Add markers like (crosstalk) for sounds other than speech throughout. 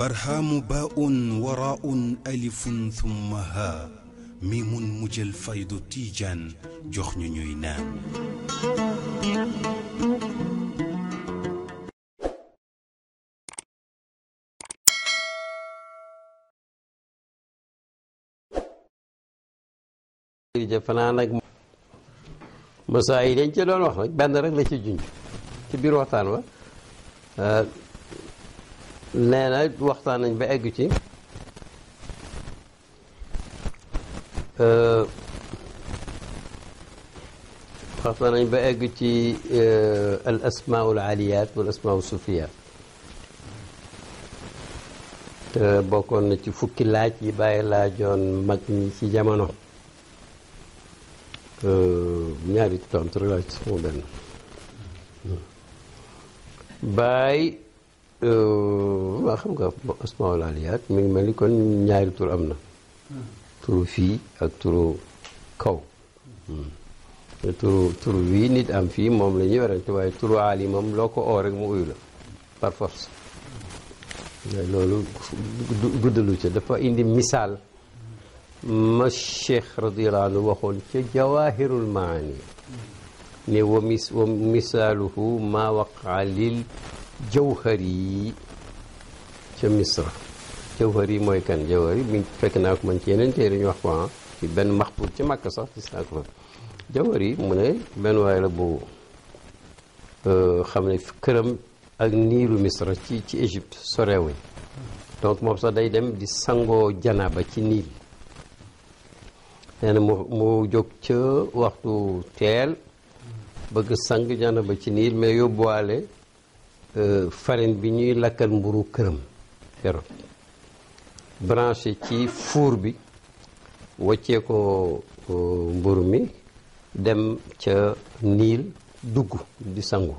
barhaamu baa'un waraa'un alifun thumma haa miimun mu jël faydu tiijaan jox ñu ñuy naan. jërëjëf fanaan ak masaa yi dañ ci doon wax rek benn rek la ci junj ci biir waxtaan wa. نانا وقتنا بأجتي وقتنا بأجتي الأسماء العاليات والأسماء الصوفية بكون تفك لاج يباي لاجون مكني في نعرف ñaari tontu rek la ci baay Euh, waaw xam nga asmaul aliyaat mi ngi mel ni kon ñaari tur am na turu fii ak turu kaw hmm. turu wii nit am fii moom la ñuy werante waaye turu aali moom loo oo rek mu uyu la par force loolu guddalu ca dafa indi misaal ma cheikh radiallahu waxoon ca jawahirul maani wa misaaluhu ma waqa lil jawhari yi ca misra jawhari yi mooy kan jawhari mi fekk naa ko man ci yeneen téere ñu wax ko ah ci benn maxbuub ci màkk sax gis naa ko fa jawhari yi mu ne benn waay la bu euh, xam ne këram ak niilu misra ci ci Égypte sorewuñ donc moom sax day dem di sangoo ba ci niil nee mu mu jóg ca waxtu teel bëgg sang ba ci niil mais yóbbuwaale Euh, farine bi ñuy lakkal mburu këram keroog branché ci fuur bi wàccee ko euh, mburu mi dem ca niil dugg di sangu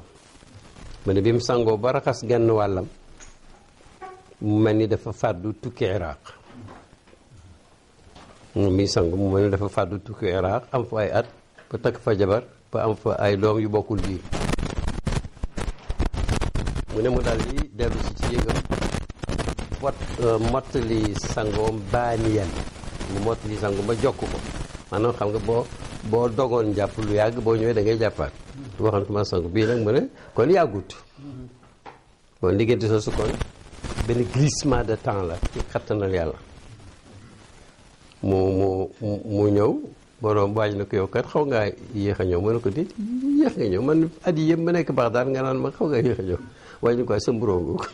ma ne bi mu sangoo ba raxas genn wàllam mu mel ni dafa fàddu tukki iraq mu muy sangu mel ni dafa fàddu tukki iraq am fa ay at ba takk fa jabar ba am fa ay doom yu bokkul biir mune ne mu dal di dellu ci yëgam wat eh, mottali sangom baaniyan mu mottali sangom ba jokk ko maanaam xam nga bo bo dogon japp lu yag bo ñewé da ngay jàppaat waxal ko ma sang bi nak mune ne kon yàggut kon liggéeyante soosu kon ben glissement de temps la ci xattanal yalla mu mu mu ñew borom waaj na ko yow kat xaw nga yéex ñew mu ne ko dit yéex nga man at yi nek ma nga nan ma xaw nga yéex ñew waaye ñu koy sa mburóo ko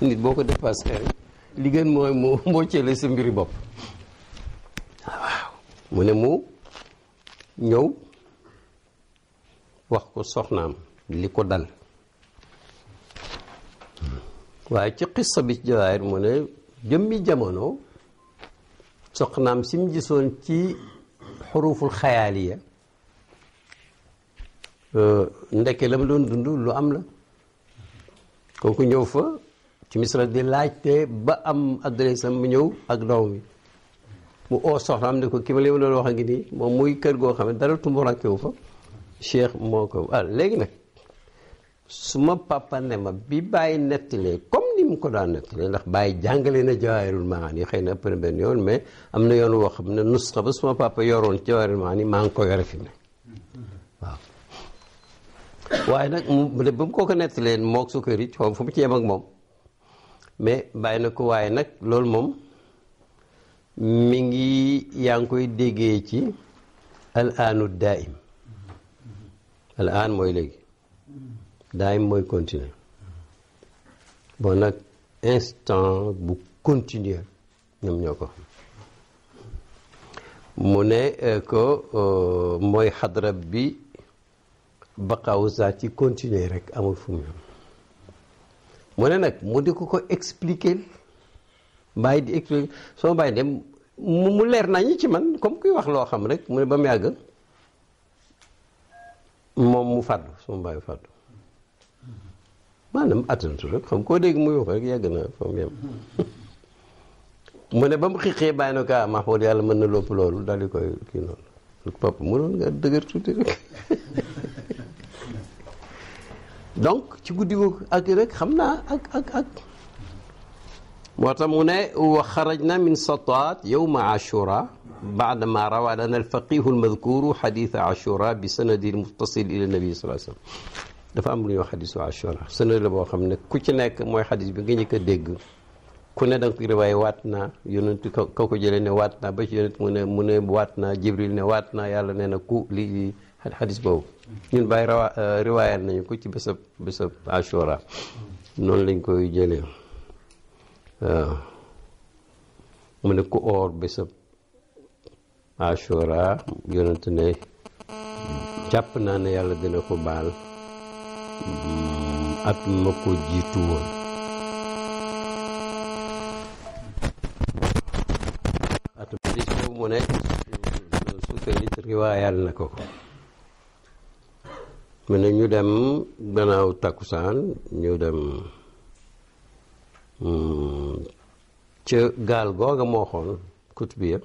nit boo ko dépassé rek li gën mooy mu mboccele sa mbiri bopp waaw mu ne mu ñëw wax ko soxnaam li ko dal waaye ci xissa bi jawaayir mu ne jëmmi jamono soxnaam si mu gisoon ci xuruful xayaaliya euh, ndeke la mu doon dund lu am la kooku ñëw fa ci misra di laajte ba am adresse am ñëw ak doom mi mu oo soxnaam ne ko ki ma leen wax a ngi nii moom muy kër goo xam ne dara tumburanke wu fa cheikh moo ko ah léegi nag suma papa ne ma bi bàyyi nettalee comme ni mu ko daan nettalee ndax bàyyi jàngale na jawaahirul maani yi xëy na premier yoon mais am na yoon woo xam ne nusxa ba suma papa yoroon jawaahirul maani maa ngi ko yore fi waaye nag mu ba mu koo ko nett leen moo sukkër yi xaw fu mu ci yem ak moom mais bàyyi na ko waaye nag loolu moom mi ngi yaa ngi koy déggee ci al aanu daaim al mooy léegi daaim mooy continuer bon nag instant bu continuer ñoom ñoo ko mu ne ko euh, euh, mooy xadra bi baqaawu saa ci continuer rek amul fu mu mu ne nag mu di ko ko expliquer bàyyi di expliquer soo bàyyi dem mu leer naa ñi ci man comme kuy wax loo xam rek mu ne ba mu yàgg moom mu fàddu suma bàyyi fàddu maanaam attantu rek koo dégg muy wax rek yàgg (laughs) ne ba mu xiqee bàyyi na ko ah yàlla mën na lopp loolu daal di koy kii noonu papa mënoon nga dëgër tuuti rek (laughs) donc ci guddi googu ak rek xam naa ak ak ak tax mu ne wa xarajna min sataat ma rawa lana alfaqihu almadkuru xaditha bi sanadi muttasil ila nabi sallallahu dafa am lu ñuy wax xadisu ashura sanad la boo xam ne ku ci nekk mooy xadis bi nga njëkk a dégg ne da nga ko riwaay waat naa ne waat naa ba ci yonent mu ne mu ne waat naa jibril ne waat naa yàlla nee na ku li xadis boobu ñun bàyyi rawaa euh, riwaayat nañu ko ci bésab bésab ashura noonu lañ koy jële waaw mu ne ku oor bésab ashura yonent ne jàpp naa ne yàlla dina ko baal hmm, at ma ko jiitu woon at ma mu ne su fekkee nit riwaayal na ko ko mu ne ñu dem gannaaw takkusaan ñu dem hmm, ca gaal googa moo xoon kutbiya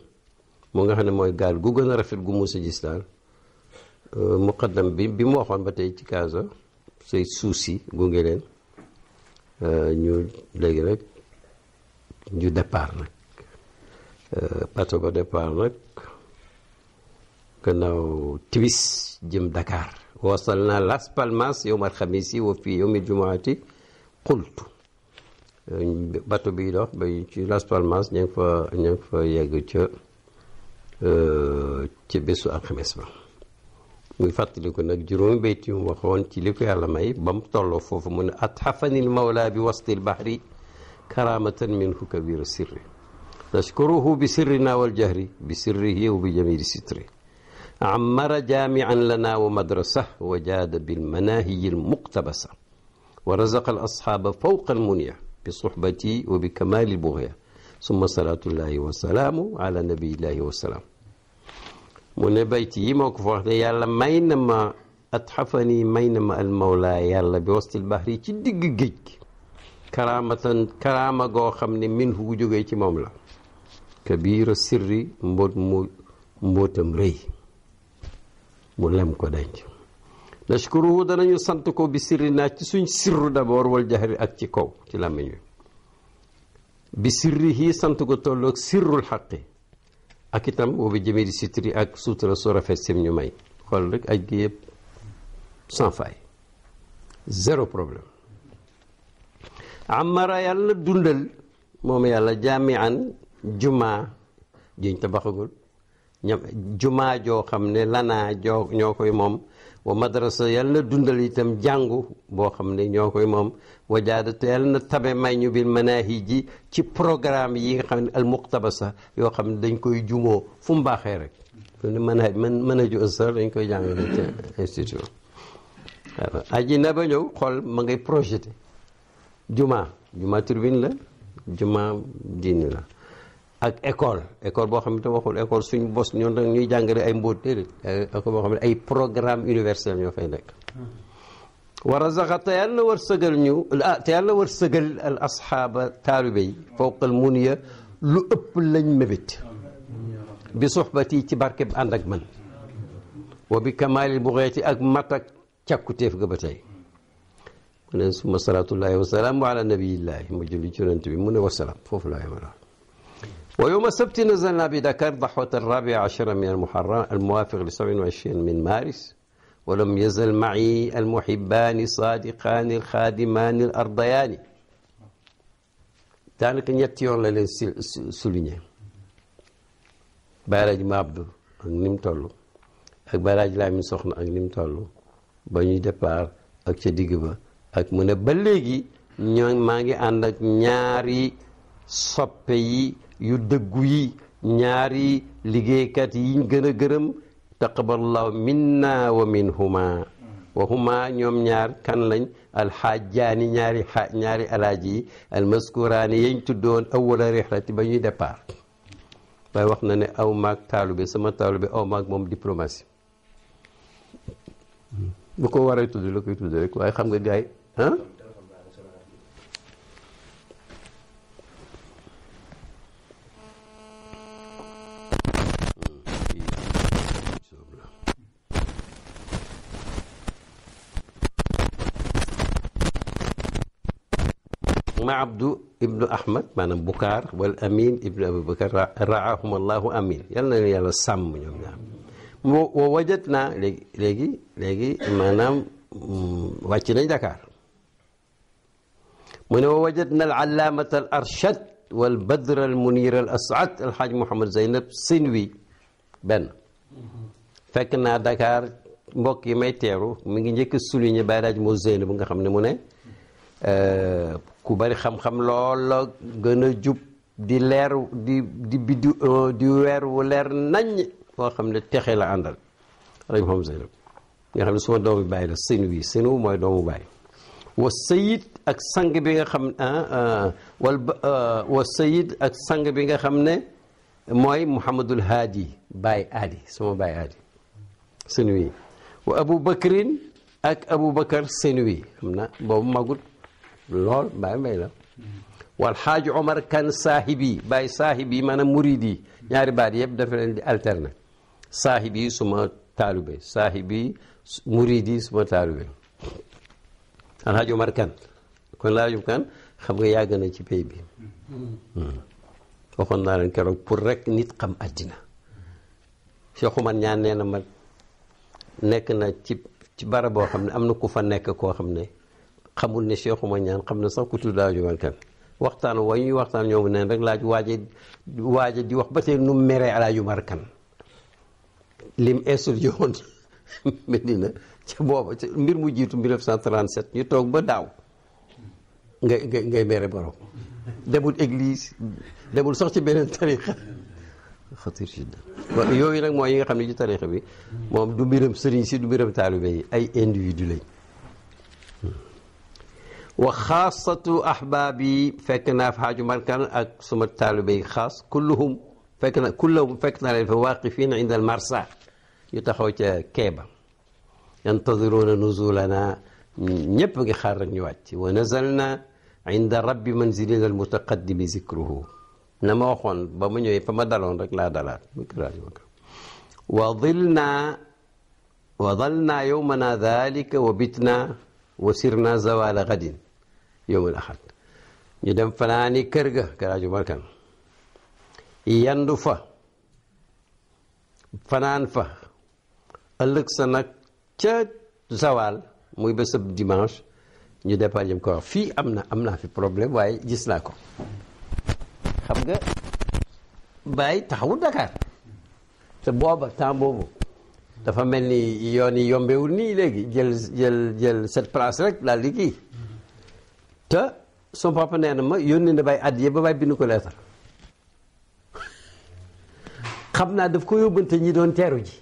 mu nga xam ne mooy gaal gu gën a rafet gu musa gis daal euh, muqaddam bi bi moo xoon ba tey ci Kaasa say suuf si gunge leen euh, ñu léegi rek ñu départ nag euh, bateau ba départ nag كانوا تبس جم دكار وصلنا لاس بالماس يوم الخميس وفي يوم الجمعة قلت bato bi dox ba ci Las Palmas ñu ngi fa ñu ngi fa yegg ca ci bésu alxames ba muy fàttaliku nag juróomi bayt yu mu waxoon ci li ko yàlla may ba mu tolloo foofu mu ne atxafanil mawla bi wastil bahri karamatan minhu kabiru sirri nashkuruhu bi sirrina wal jahri bi sirrihi wa bi jamili sitri عمر جامعا لنا ومدرسة وجاد بالمناهي المقتبسة ورزق الأصحاب فوق المنية بصحبتي وبكمال البغية ثم صلاة الله وسلامه على نبي الله وسلام mu ne bayt yi moo ko fa wax ne yàlla may na ma atxafani may na ma almawla yàlla bi wastil bahri ci digg géej gi karaamatan karaama goo xam ne min hu jógee ci moom la kabira sirri mbóot mu mbóotam rëy mu lem ko denc nashkuruhu danañu sant ko bi sirri naa ci suñ sirru d'abord wal jahri ak ci kaw ci làmmiñ bi bi sirrihi sant ko tolloog sirrul xaqi ak itam wa bi jëmee sitri ak suut su rafet sim ñu may xool rek aj gi yëpp sans faille zéro problème amara yàlla dundal moom yàlla jaami an jumaa jiñ tabaxagul jumaa joo xam ne lanaa joo ñoo koy moom wa madrasa yàlla na dundal itam jàngu boo xam ne ñoo koy moom wa jaadatu yàlla na tabe may ñu bil manahij ji ci programme yi nga xam ne al muqtabasa yoo xam ne dañ koy jumoo fu mu baaxee rek fu ne mën man manhaju Azhar dañ koy jàngale ci institut waaw aji na ba ñëw xool ma ngay projeté jumaa jumaa turbine la jumaa diine la ak école école boo xam ne te waxul école suñ bos ñoom da ñuy jàngale ay mbóot déedéet école boo xam ne ay programme universel ñoo fay nekk hmm. wa razaqa te yàlla war sëgal ñu ah, te yàlla war sëgal al asxaaba taalibe yi fawqal lu ëpp lañ mébét hmm. bi suxbati ci barke bi ànd ak man wa bi kamaali buxeeti ak mat ak càkkutéef ga ba tey mu ne suma salaatullahi wasalaamu ala nabiyillahi mu julli ci yonent bi mu ne wasalaam foofu laa yemaloon ويوم السبت نزلنا بدكر ضحوة الرابع عشر من المحرم الموافق ل 27 من مارس ولم يزل معي المحبان صادقان الخادمان الأرضيان تانك نيتيون لين سولينيه باراج مابدو اك نيم تولو اك باراج لا مي سخنا اك نيم تولو با ني ديبار اك سي ديغبا اك ماغي اندك نياري سوبي yu dëggu yi ñaari liggéeykat yiñ gën a gërëm taqaballahu minna wa minhuma wa huma ñoom ñaar kan lañ alxaajaani ñaari a ñaari alaaji yi almaskuraani yañ tuddoon awala rihlati ba ñuy départ waaye wax na ne aw maag taalube sama taalube aw maag moom diplomatie bu ko waree tudd la koy tudd rek waaye xam nga gaay ibnu ahmad maanaam bukaar wal amin ibnu abi bakar raahum allahu amin yal na yàlla sàmm ñoom ñaar moo wa wajat naa léegi léegi léegi maanaam wàcc nañ Dakar mu ne wa wajat na al allaamata al arshad wal badr al munir al asad al xaaj Mouhamed Zeynab Sinwi benn fekk naa Dakar mbokk yi may teeru mu ngi njëkk a souligné Baye Daaj moo Zeynab bu nga xam ne mu ne ku bari xam-xam lool la gën a jub di leer di di biddi euh, di weer wu leer nañ koo xam ne texe la àndal rañ xam Zeynab nga xam ne suma doomu bàyyi la sën wi sën wu mooy doomu bàyyi wa sayid ak sang bi nga xam ah, ah, wal euh, wa sayid ak sang bi nga xam ne mooy Muhammadul Haadi Baye Aadi suma Baye Aadi sën wi wa Abu Bakrin ak Abu Bakar sën wi xam na boobu magut lool bàyyi may la wal xaaji omar kan saahib yi bàyyi saahib yi maanaam murid yi ñaari baat yëpp dafa leen di alterner saahib yi suma taalibe saahib yi murid yi suma taalibe alxaaji omar kan kon laajum kan xam nga yàgg na ci pay bi hmm. waxoon naa leen keroog pour rekk nit xam àddina Cheikh Oumar ñaan nee ma nekk na ci ci bara boo xam ne am na ku fa nekk koo xam ne xamul ne Cheikh Oumar Niane xam na sax ku tudd Hadj Oumar waxtaan wa ñuy waxtaan ñoom neen rek laaj waaje waaje di wax ba tey nu meree Hadj Oumar Kane lim instruit woon (laughs) Medina ca booba ca mbir mu jiitu 1937 ñu toog ba daaw ngay ngay ngay mere borom demul église demul sax ci beneen tarixa yooyu nag mooy yi nga xam ne ci tarixa bi moom du mbiram sëriñ si du mbiram taalibe yi ay individu lañ وخاصة أحبابي فكنا في حاجة مركان أقسم التالبي خاص كلهم فكنا كلهم فكنا واقفين عند المرسى يتخوت كيبا ينتظرون نزولنا نبقى خارج نواتي ونزلنا عند رب منزلنا المتقدم ذكره نما أخوان بمن يوي فما دلون رك لا دالات وظلنا وظلنا يومنا ذلك وبتنا وسرنا زوال غد yowmul axad ñu dem fanaani kër ga garaaju markan yandu fa fanaan fa ëllëg sa nag ca zawal muy bésab dimanche ñu départ jëm ko wax fii am na am naa fi problème waaye gis naa ko xam nga bàyyi taxawul Dakar te booba temps boobu dafa mel ni yoon yi yombewul nii léegi jël jël jël cette place rek laa liggéey te son papa nee na ma yónnee na bay àddiya ba bay bind ko leetar xam naa daf ko yóbbante ñi doon teeru ji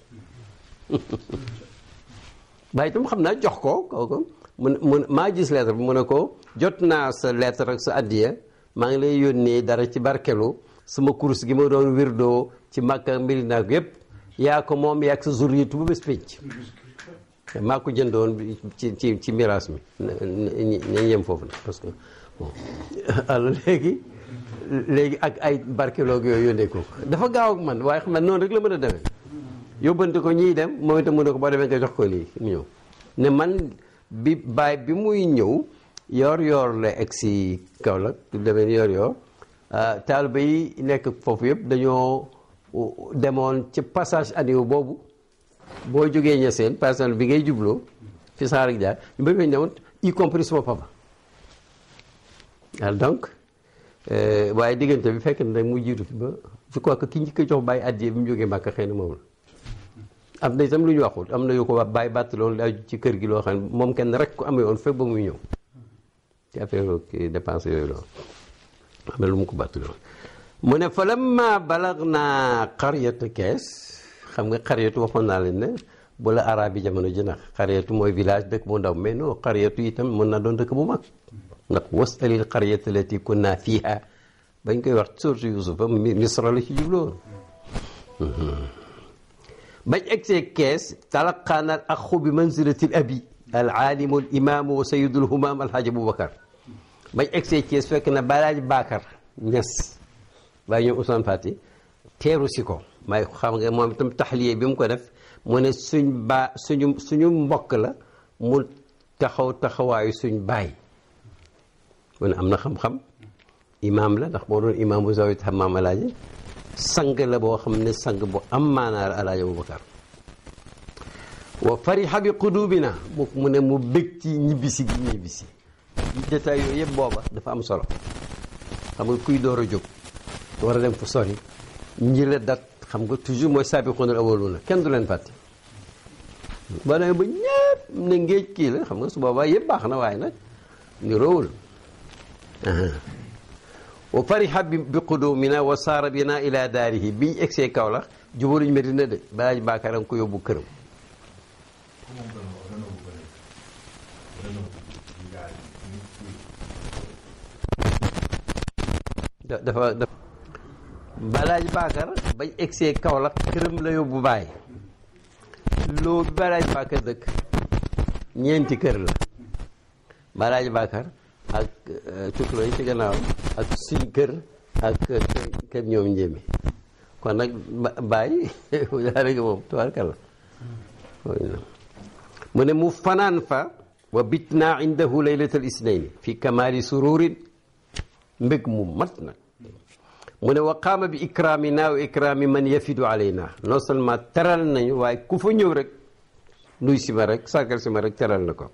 bay itam xam naa jox ko kooku mun mun maa gis leetar bi mu ne ko jot naa sa leetar ak sa àddiya maa ngi lay yónnee dara ci barkelu sama kurus gi ma doon wirdoo ci Makka mbiri naa ko yépp yaa ko moom yaa ak sa zurriitu bu bés pénc maa ko jëndoon ci ci ci miraas mi nañ yem foofu la parce que bon (laughs) léegi léegi ak ay barkeloog yooyu yónnee ko dafa gaaw ak man waaye xam ne noonu rek la mën a demee yóbbante ko ñiy dem moom itam mu ne ko boo demee nga jox ko lii mu ñëw ne man bi baay bi muy ñëw yoor yoor la egg si Kaolack du demee yoor yoor ah, taaliba yi nekk foofu yëpp dañoo demoon ci passage anneau boobu boo jógee ñeseen par exemple bi ngay jubloo fi saxaar ak jaar ñu bëri fañ demoon y compris sama euh, waaye diggante bi fekk na rek mu jiitu fi ba je crois que ki njëkk a jox bàyyi addiye bi mu jógee Màkka xëy na moom la am na itam lu ñu waxul am na yu ko wax bàyyi bàtt loolu aju ci kër gi loo xam ne moom kenn rek ko amee woon fekk ba muy ñëw ci affaire dépense yooyu loolu am na lu mu ko bàtt mu ne fa lamma balagna qaryata Kees xam nga xariyatu waxoon naa leen ne bu la arab jamono ji nag xariyatu mooy village dëkk bu ndaw mais non yi itam mën na doon dëkk bu mag ndax wasalil xariyata lati kunna fiiha bañ koy wax surtout yusufa misra la ci jubloon hmm. bañ egsee kees talaqaana al axu bi manzilatil abi al aalimu al imaamu wa sayidul humaam alhaaj aboubacar bañ egsee kees fekk na balaaji teeru si ko may xam nga moom itam taxliye bi mu ko def mu ne suñ baa suñu suñu mbokk la mu taxaw taxawaayu suñ baay mu ne am na xam-xam imaam la ndax boo doon imaam usawit xamaam alaaji sang la boo xam ne sang bu am maanaar alaaji Abubakar wa fariha bi qudubina mu mu ne mu bég ci ñibbisi gi ñibbisi détail yooyu yëpp booba dafa am solo xam nga kuy door a jóg war a dem fu sori ñi la dat xam nga toujours mooy saabiqoonal awwaluuna kenn du leen fàtte ba ne ba ñëpp ne ngéej kii la xam nga su boobaa yépp baax na waaye nag ni roowul wa fariha bi qudumina wa saara bina ila daarihi biñ egsee Kaolack jubaluñ Medina de balaaji baakaar ko yóbbu këram dafa dafa balaaj baakar bañ egsee Kaolack këram la yóbbu baay loo balaaj baakar dëkk ñeenti kër la balaaj baakar ak cukloo yi ci gannaaw ak suñ kër ak kër ñoom njéemi kon nag baay daa rek moom tubaarkal la mu ne mu fanaan fa wa bit naa indahu al isnaini fi kamaali sururin mbég mu mat nag من وقام بإكرامنا وإكرام من يفيد علينا نوصل ما ترلنا واي كفو نيورك نوي سمارك ساكر سمارك ترلنكو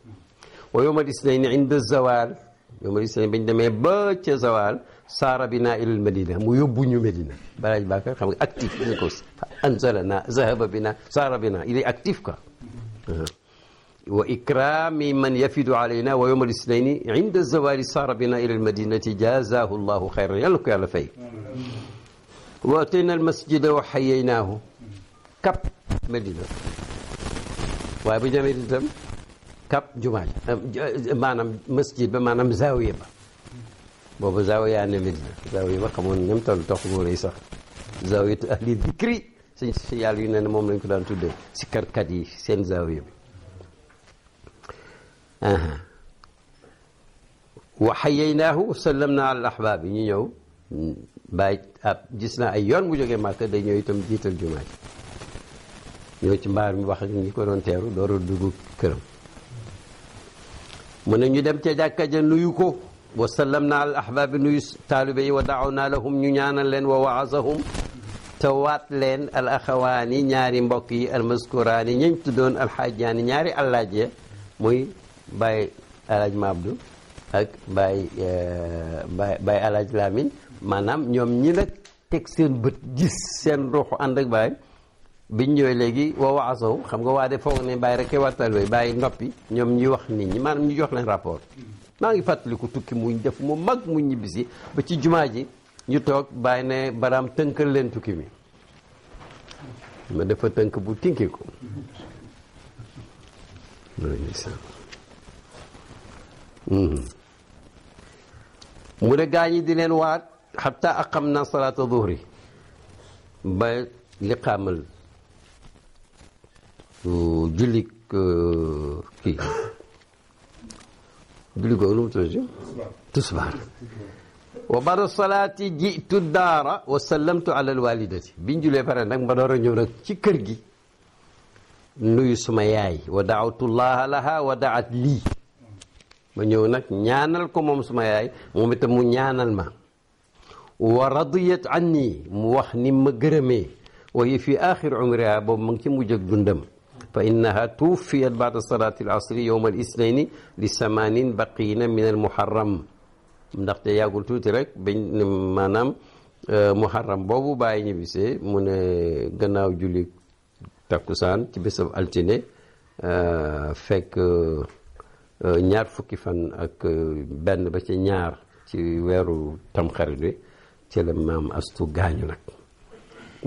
ويوم الاثنين عند الزوال يوم الاثنين بين دمي باتش الزوال صار بنا إلى المدينة مو يبو مدينة بلاج باكر خمي أكتف نكوس أنزلنا ذهب بنا صار بنا إلي أكتف كا وإكرام من يفد علينا ويوم الاثنين عند الزوال صار بنا إلى المدينة جازاه الله خيرا يا لك يا لفي وأتينا المسجد وحييناه كب مدينة وأبو جميل الدم كب جمال معنى مسجد بمعنى زاوية بابا زاوية يعني مدينة زاوية كمون نمتل تقبل ليس زاوية أهل الذكري سيال ينن مومن كلان تودي سكركدي سين زاوية aha wa xayeynaahu sallamna al ahbaab yi ñu ñëw bàyyi ab gis naa ay yoon bu jógee Màkka day ñëw itam jiital jumaa ci mbaar mi wax ak ñi ko doon teeru door a dugg këram mu ne ñu dem ca jàkka ja nuyu ko wa sallam na al ahbaabi nuyu taalibe yi lahum ñu ñaanal leen wa waazahum te leen al ñaari mbokk yi almaskuraani ñañ tuddoon alxaajaani ñaari Baye ma Mabdou ak Baye eh, Baye Baye Alhaji Lamine maanaam ñoom ñi nag teg seen bët gis seen ruuxu ànd ak Baye biñ ñëwee léegi woo waa xam nga waa de foog ne bàyyi rek watal way Baye noppi ñoom ñi wax nit ñi maanaam ñu jox leen rapport maa ngi fàttaliku tukki mu def mu mag mu ñibbisi ba ci jumaa ji ñu toog Baye ne baraam tënkal leen tukki mi ma dafa tënk bu tinki ko (laughs) Hmm. mu ne gaa ñi di leen waat xataa aqam na salaata duhri ba li xaamal uh, julli uh, kii julli googu nu mu tudd tusbaar wa bada salaati jitu daara wa sallamtu ala alwalidati biñ julee pare nag ma door a ñëw nag ci kër gi nuyu suma yaay wa daawtu llaha laha wa daat lii ma ñëw nag ñaanal ko moom suma yaay moom itam mu ñaanal ma wa radiyat anni mu wax ni ma gërëmee wa hiya fi axir umriha boobu ma ngi ci mujj ak dundam fa innaha tuwfiyat baada salati al asri yowma al isnaini li samanin baqina min al muharram ndaxte yàggul tuuti rek bañ maanaam euh, muharram boobu bàyyi ñibbisee mu ne gannaaw julli takkusaan ci bésam altine euh, fekk Euh, ñaar fukki fan ak euh, benn ba ci ñaar ci weeru tamxarit bi ci la maam astu gaañu nag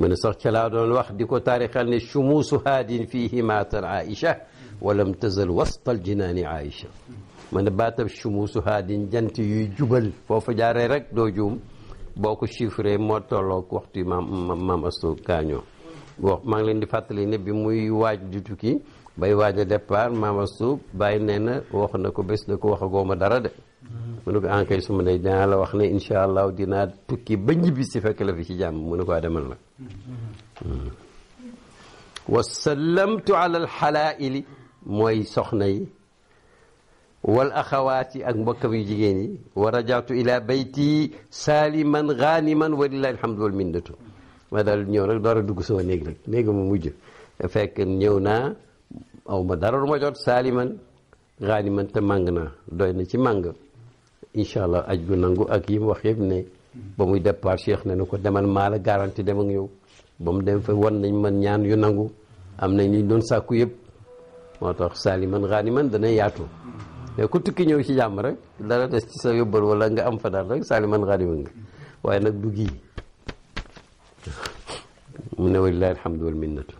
mu ne sax ca laa doon wax di ko taarixal ne chumuusu haadin fiihi maatal aïcha walam tazal wastal jinaani aïcha ma ne baatab chumuusu haadin jant yu jubal foofu jaare rek doo juum boo ko chiffré moo tolloog waxtu maam maam astu gaañoo wax maa ngi muy waaj di tukki bay waaj a départ maama suub bàyyi nee na wax na ko bés na ko waxagoo ma dara de mm-hmm. mu ne ko enkay su ma ne la wax ne incha allah dinaa tukki ba ñibbi si fekk la fi ci jàmm mu ne ko a demal nag mm-hmm. wasallamtu ala alxalaa'ili mooy soxna yi wal axawaat yi ak mbokkam yu jigéen yi wa rajaatu ila bayti saliman ganiman walillahi alhamdu wal minnatu ma daal ñëw rek door a dugg sama néeg nag néega ma mujj fekk ñëw naa aw ma dara lu ma jot saaliman gaaniman te màng na doy na ci màng incha allah aj gu nangu ak yi mu wax yëpp ne ba muy départ Cheikh ne na ko demal maala la garanti dem yow ba mu dem fa wan nañ man ñaan yu nangu am nañ ni doon sàkku yëpp moo tax saaliman gaaniman dana yaatu mais ku tukki ñëw ci jàmm rek dara des ci sa yóbbal wala nga am fa daal rek saaliman gaaniman nga waaye nag du mu ne walilahi alhamdu wal minnatu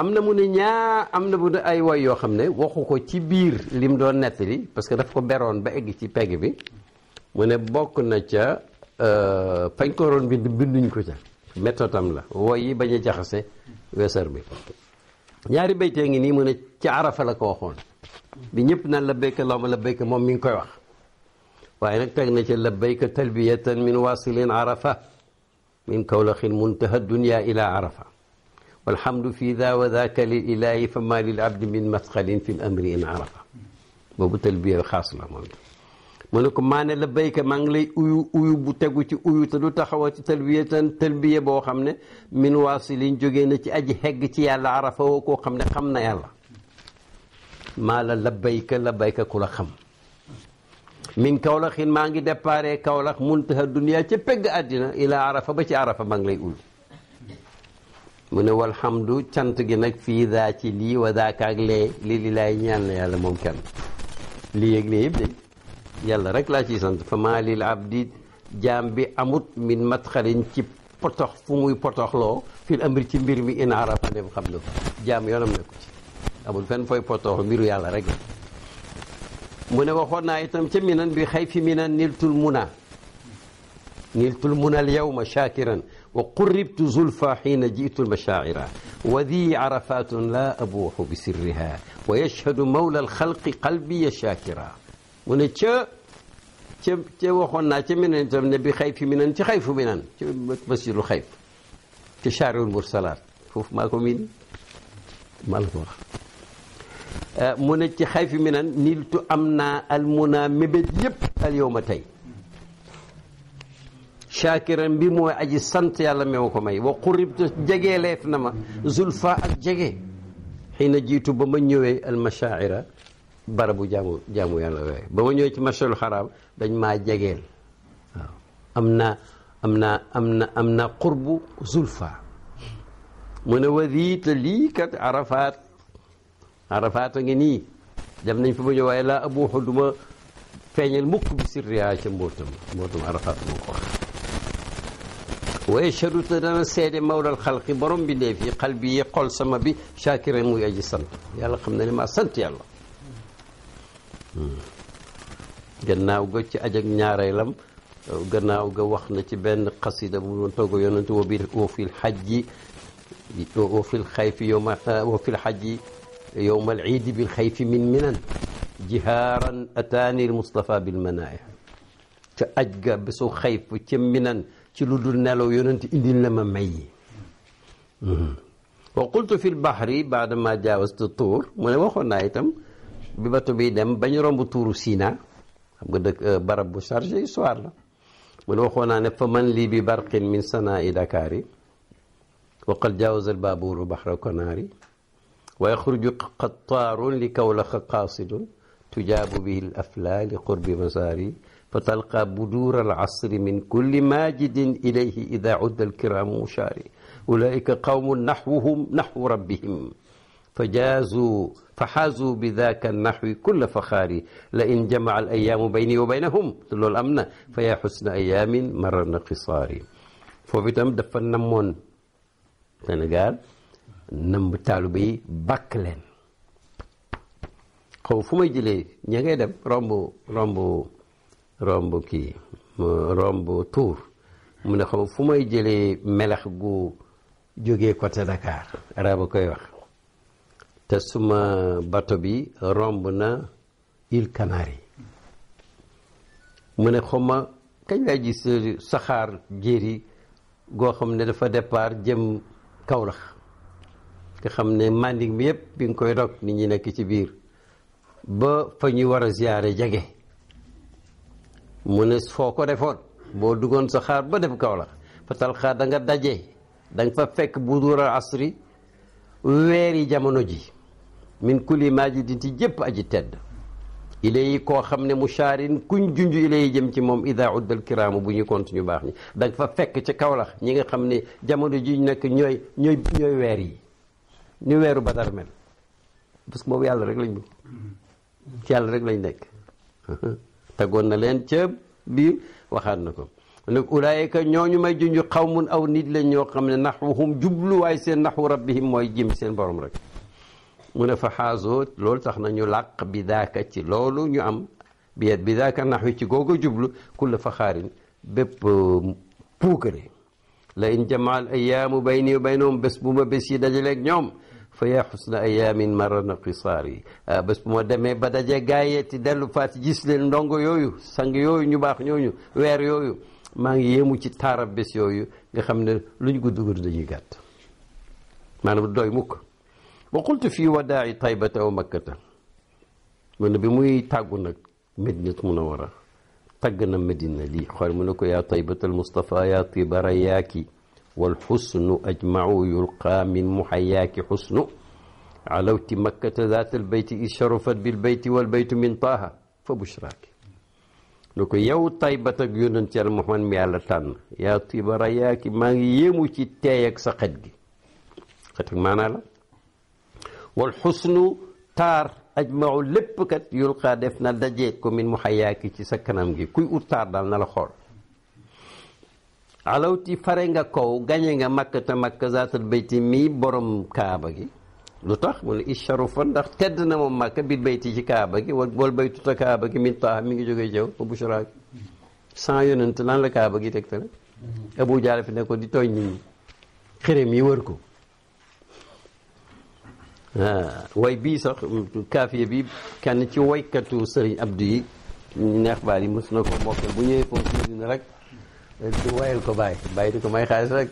am na mu ne ñaa am na bu ne ay woy yoo xam ne waxu ko ci biir li mu doon nettali parce que daf ko beroon ba egg ci pegg bi mu ne bokk na ca fañ euh, ko waroon bind binduñ ko ca méttotam la woy yi bañ a jaxase weesar bi ñaari baytee ngi nii mu ne ci arafa la ko waxoon bi ñëpp naan labbayka allahumma labbayka moom mi ngi koy wax waaye nag teg na ca labbayka talbiyatan min wasilin arafa min kawlaxin muntaha dunya ila arafa walhamdu fi daa wa daaka lil ilaahi fa maa lil abdi min masxalin fi l amri in arafa boobu talbiya xaas la mu ne ko maa ne la béykat maa ngi lay uyu uyu bu tegu ci uyu te du taxawa ci talbiya tan talbiya boo xam ne min waasiliñ jógee na ci aji xegg ci yàlla arafa woo koo xam ne xam na yàlla maa la la béykat la béykat ku la xam min kawlaxin maa ngi déparé kawlax muntaha dunia ca pegg àddina ila arafa ba ci arafa maa ngi uyu mune walhamdu cant gi nag fii daa ci lii wa daaka ak lee lii li laay ñaan la yàlla moom kenn lii yëg ne yëpp de yàlla rek laa ciy sant fa maa lil abdi jaam bi amut min matxalin ci potox fu muy potoxloo fil amri ci mbir mi in arafa dem xam na ko jaam yoonam nekku ci amul fenn fooy potoxlu mbiru yàlla rek mu ne waxoon naa itam ca minan bi xay fi minan niltul muna niltul munal yawma shakiran وقربت زلفى حين جئت المشاعرة وذي عرفات لا أبوح بسرها ويشهد مولى الخلق قلبي شاكرا ونتشا وخونا من انت النبي خايف من انت خايف من انت مسجد خايف تشارع المرسلات فوف مالكم مين مالك آه من انت خايف من نلت امنا المنى مبد اليوم تي shakiran bi mooy aji sant yàlla meew ko may wa quribtu jegee leef na ma zulfa ak jege xëy na jiitu ba ma ñëwee al mashaira barabu jaamu jaamu yàlla waaye ba ma ñëwee ci masharul xaraam dañ maa jegeel waaw am naa am naa am na am naa qurbu zulfa mu ne wadiita lii kat arafaat arafaat a ngi nii dem nañ fa ba ñëw waaye laa abu xuduma feeñal mukk bi sirriyaa ca mbootam mbootam arafaat moo ko wax waaye charuta dana seede mawlal xalqi borom bi ndee fi xal bi yi xol sama bi shakira muy aji sant yàlla xam na ne maa sant yàlla gannaaw ga ci aj ak ñaareelam gannaaw ga wax na ci benn xasida bu doon togg yonent wa biir wa fil xajji wa fil xayfi yowma wa fil xajji yowma al iidi bil xayfi min minan jihaaran ataani al mustafa bil manaaih ca aj ga bésu xayf ca minan ci lu dul nelaw yonent indil na ma may yi hmm. wa qultu fil bahri baada ma jaawastu tuur mu ne waxoon naa itam bi bato biy dem bañ romb tuuru Sina xam nga dëkk euh, barab bu chargé histoire la mu ne waxoon naa ne fa man lii bi barqin min sanaa'i Dakaari wa qad jaawaza al-baabuuru bahra Konaari wa yaxruju qattaarun li Kawlax qaasidun tujaabu bihi al-aflaa li qurbi masaari فتلقى بدور العصر من كل ماجد إليه إذا عد الكرام مشاري أولئك قوم نحوهم نحو ربهم فجازوا فحازوا بذاك النحو كل فخاري لئن جمع الأيام بيني وبينهم تلو الأمن فيا حسن أيام مرن قصاري فبتم دفن نمون أنا قال نم taalibe بكلن خوفوا leen xaw fu may jëlee romb kii romb tuur mu ne xaw fu may jëlee melax gu jógee côté Dakar araba koy wax te suma bato bi romb na île Canaries mu ne xawma kañ lay gis saxaar jéeri goo xam ne dafa départ jëm kawlax nga xam ne manding mi yëpp bi nga koy dog ni ñi nekk ci biir ba fa ñuy war a ziyaare jege mu ne foo ko defoon boo duggoon sa xaar ba dem Kaolack fa talxaa danga daje da fa fekk bu dural asri weeri jamono ji min kulli maajidinti jëpp aji tedd ilayi koo xam ne mu shaarin kuñ junj ilayi jëm ci moom ida uddal kiraamu bu ñu continue baax ñi da fa fekk ci kawlax ñi nga xam ne jamono ji ñu nekk ñooy ñooy weer yi ni weeru Badar mel parce boobu yàlla rek lañ bëgg yàlla rek lañ nekk (laughs) tegoon na leen ca bi waxaat na ko nag ulaayika ñooñu may junj xawmun aw nit lañ ñoo xam ne naxwuhum jubluwaay seen naxwu rabbihim mooy jëm seen borom rek mu ne fa xaasoo loolu tax na ñu làq bi daaka ci loolu ñu am biet bi daaka naxwi ci googu jublu kulla faxaarin bépp um, puukare la in jamaal ayaamu bayni baynahum bés bu ma bés yi dajaleeg ñoom fa yaa xusna ayaamin marana qisaari bés bu ma demee ba daje gaayee ti dellu faat gis leen ndongo yooyu sang yooyu ñu baax weer yooyu maa ngi yéemu ci taara bés yooyu nga xam ne lu ñu gudd gudd dañuy gàtt maanaam doy mukk wa qultu fii wadaa'i taybata wa makkata mu bi muy tàggu nag medinat munawara tàgg na medina lii xool mu ne ko yaa taybatal Mustafa yaa tiba rayaaki والحسن أجمع يلقى من محياك حسن علوت مكة ذات البيت إذ شرفت بالبيت والبيت من طه فبشراك نكو يو طيبة جون انت المحمن ميالتان يا طيبة رياك ما يمو تايك سقد قتل معنا لا والحسن تار أجمع لبكت يلقى دفنا دجيتكم من محياك تسكنا مجي كوي أتار دالنا الخور alauti farenga nga kaw gañe nga makkata makka zatul bayti mi borom kaaba gi lutax tax mu ne ndax tedd na moom makka bit bayti ci kaaba gi wal bol baytu ta kaaba gi min taa mi ngi joge jëw bu bushra sans yonent lan la kaaba gi tek tegtale abu jaala ne ko di tooñ ñi xërëm yi wër ko way bi sax kaafiya bi kan ci way waykatu serigne abdou yi neex baal yi mos ko mbokk bu ñewé foofu dina rek wayal ko bàyyi bàyyi di ko may xaalis rek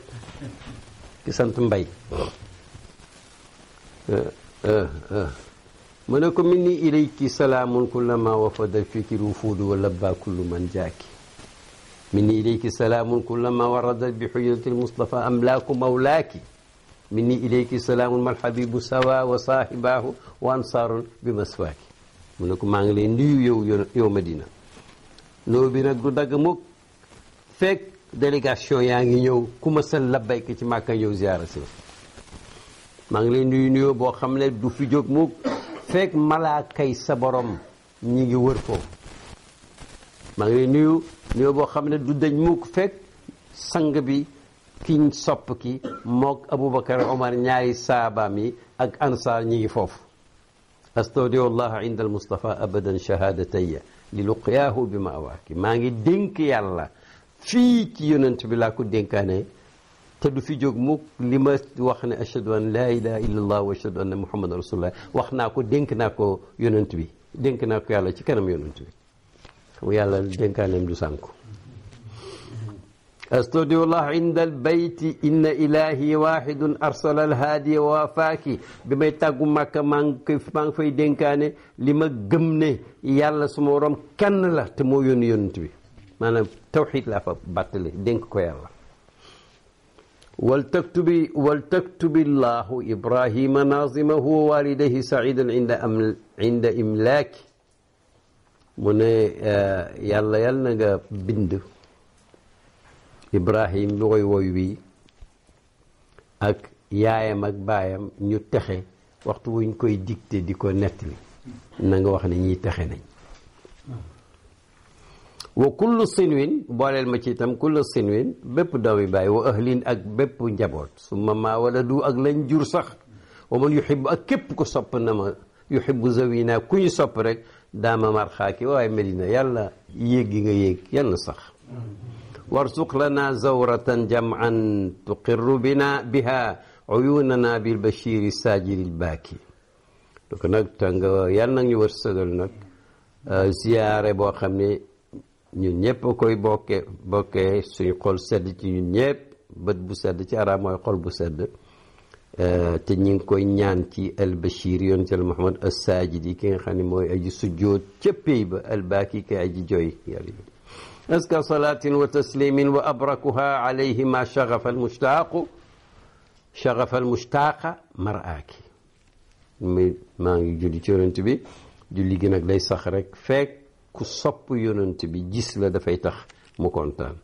ki sant mbay mu ne ko min ni ilayki salaamun kullama wafada fikir wufuudu wa labba kullu man jaaki min ni ilayki salaamun kullama waradat bi xujrati lmustafa amlaaku mawlaaki min ni ilayki salaamun malxabibu sawa wa saaxibaahu wa ansaarun bi maswaaki mu ne ko maa ngi lay nuyu yow yow Madina noo bi nag du dagg mukk fekk délégation yaa ngi ñëw ku ma sal labbayka ci màkka ñëw ziyaara si maa ngi leen nuyu nuyoo boo xam ne du fi jóg mukk fekk malaakay sa borom ñi ngi wër ko maa ngi leen nuyu nuyoo boo xam ne du dëñ mukk fekk sang bi kiñ sopp ki mook Aboubacar Omar ñaari saabaam yi ak ansaar ñi ngi foofu astawdiu allah inda al mustafa abadan shahadataya li luqyaahu bi ma awaaki maa ngi dénk yàlla fii ci yonent bi laa ko dénkaane te du fi jóg lima wax ne ashadu an laa ilaha illa wax naa ko dénk naa ko yonent bi dénk naa ko yàlla ci kanam yonent bi xam yàlla dénkaaneem du sànku أستودع الله عند البيت إن إلهي واحد أرسل الهادي ووافاكي bi may tàggu Makka maa ngi fay dénkaane li ma gëm ne yàlla suma worom kenn la te moo yónni yónent bi maanaam tawxid laa fa bàttali dénk ko yàlla wal taktubi wal taktubi llahu ibrahima nazimahu wa walidayhi saidan inda am inda imlaaki mu ne eh, yàlla yàlla na nga bind ibrahim bi woy woy wi ak yaayam ak baayam ñu texe waxtu wuñ koy dicté di ko nettali na nga wax ne ñiy texe nañ وكل سنين بولي المشيتم كل سنين بيب داوي باي وأهلين أك بيب نجابوت ثم ما ولدو أك لنجور صخ ومن يحب أكيب كسب نما يحب زوينا كوني سب رك داما مرخاكي واي مدينة يلا يجي يجي يلا صخ وارزق لنا زورة جمعا تقر بنا بها عيوننا بالبشير الساجر الباكي لكنك تنقى يلا نيورسدلنك زيارة بوخمني ñun ñëpp koy bokkee bokkee suñu xol sedd ci ñun ñëpp bët bu sedd ci arab mooy xol bu sedd te ñi ngi koy ñaan ci al bashir yoon ci al muhammad as saajidi ki nga xam ne mooy aji sujjoot ca pay ba al baaki kay aji jooy yàlla أزكى صلاة وتسليم وأبركها عليهما شغف المشتاق شغف المشتاق مرآك ما يجولي تورنت بي جولي جنك لي صخرك فيك كو صبو يوننت بي جيس لدى فايتخ مكونتان